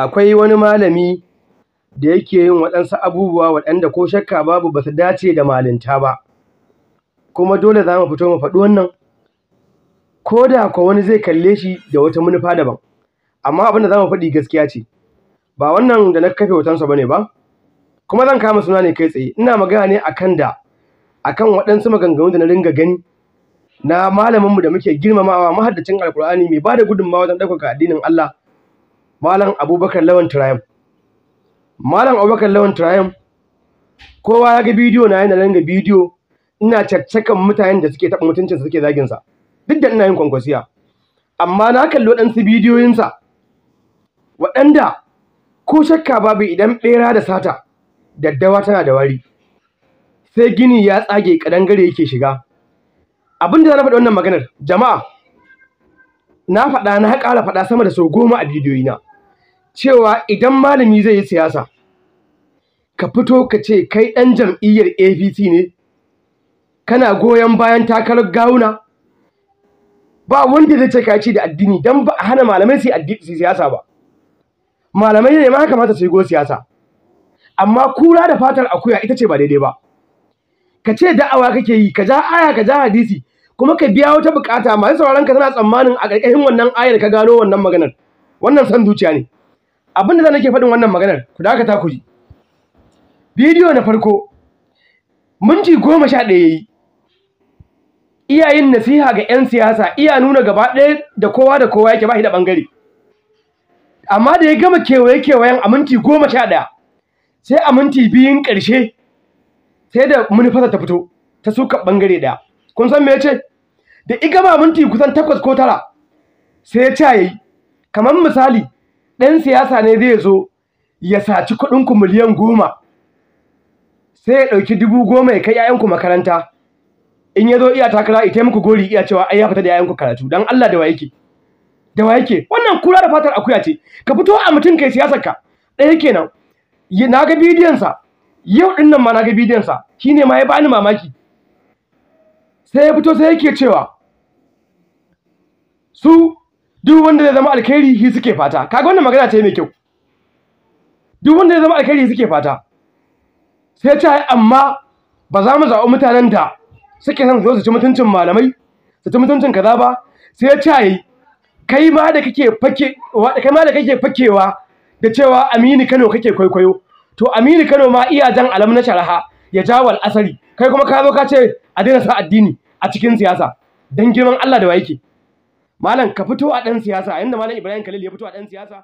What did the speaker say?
akwai wani malami da yake yin waɗansu abubuwa waɗanda ko shakka babu ba su dace da malinta ba kuma dole za mu fito mu faɗi wannan ko da ko wani zai kalle shi da wata manufa daban amma abin da za mu faɗi gaskiya ce ba wannan da na kafe hotonsa ba ne ba kuma zan kama suna ne kai tsaye ina magana ne akan da akan waɗansu maganganu da na ringa gani na malaminmu da muke girmamawa mahaddacin alkur'ani mai ba da gudunmawa wajen ɗaukaka addinin Allah malam abubakar lawan turayam malam abubakar lawan turayam kowa ya ga bidiyo na yana ranga bidiyo ina cakcakan mutanen da suke taɓa mutuncinsa suke sa duk da ina yin kwankwasiya amma na kalli waɗansu bidiyoyinsa waɗanda ko shakka babu idan bera da sata daddawa tana da wari sai gini ya tsage ƙadangare yake shiga abin da na faɗi wannan maganar jama'a na faɗa na ƙara faɗa sama da sau goma a bidiyoyina cewa idan malami zai yi siyasa ka fito ka ce kai ɗan jam'iyyar apc ne kana goyon bayan takarar gawuna ba wanda zai ce kaci da addini don ba a hana malamai su yi siyasa ba malamai ne ma kamata su yi go siyasa amma kura da fatar akuya ita ce ba daidai ba ka ce da'awa kake yi ka ja aya ka ja hadisi kuma ka biya wata bukata masu sauraron ka tana tsammanin a ƙarƙashin wannan ayar ka gano wannan maganar wannan san zuciya ne abin da nake faɗin wannan maganar ku dakata ku ji bidiyo na farko minti goma sha ɗaya yi iyayen nasiha ga 'yan siyasa iya nuna gaba ɗaya da kowa da kowa yake ba shi da ɓangare amma da ya gama kewaye-kewayen a minti goma sha ɗaya sai a minti biyun ƙarshe sai da manufasa ta fito ta suka ɓangare ɗaya kun san me yace ce da igama minti kusan takwas ko tara sai ya ce yayi kamar misali ɗan siyasa ne zai zo ya saci kuɗinku miliyan goma sai ya ɗauki dubu goma ya kai 'ya'yanku makaranta in ya zo iya takara ita muku gori iya cewa ai ya fita da 'ya'yanku karatu dan Allah da wa yake da wa yake wannan kura da fatar akuya ce ka fito a mutum kai siyasar ka ɗaya kenan na ga bidiyon sa yau din nan ma na ga bidiyon sa shine ma ya bani mamaki sai ya fito sai yake cewa su duk wanda zai zama alkhairi shi suke fata kaga wannan magana ce mai kyau duk wanda zai zama alkhairi suke fata sai ta yi amma ba za mu zaɓi mutanen da suke son zo su ci mutuncin malamai su ci mutuncin kaza ba sai ta yi kai ma da kake fake kai ma da kake fakewa da cewa Aminu Kano kake kwaikwayo to Aminu Kano ma iya jan alam na sharaha ya jawal asali kai kuma ka zo ka ce a daina sa addini a cikin siyasa dan girman Allah da wa yake malam ka fito a ɗan siyasa inda malam ibrahim khalil ya fito a ɗan siyasa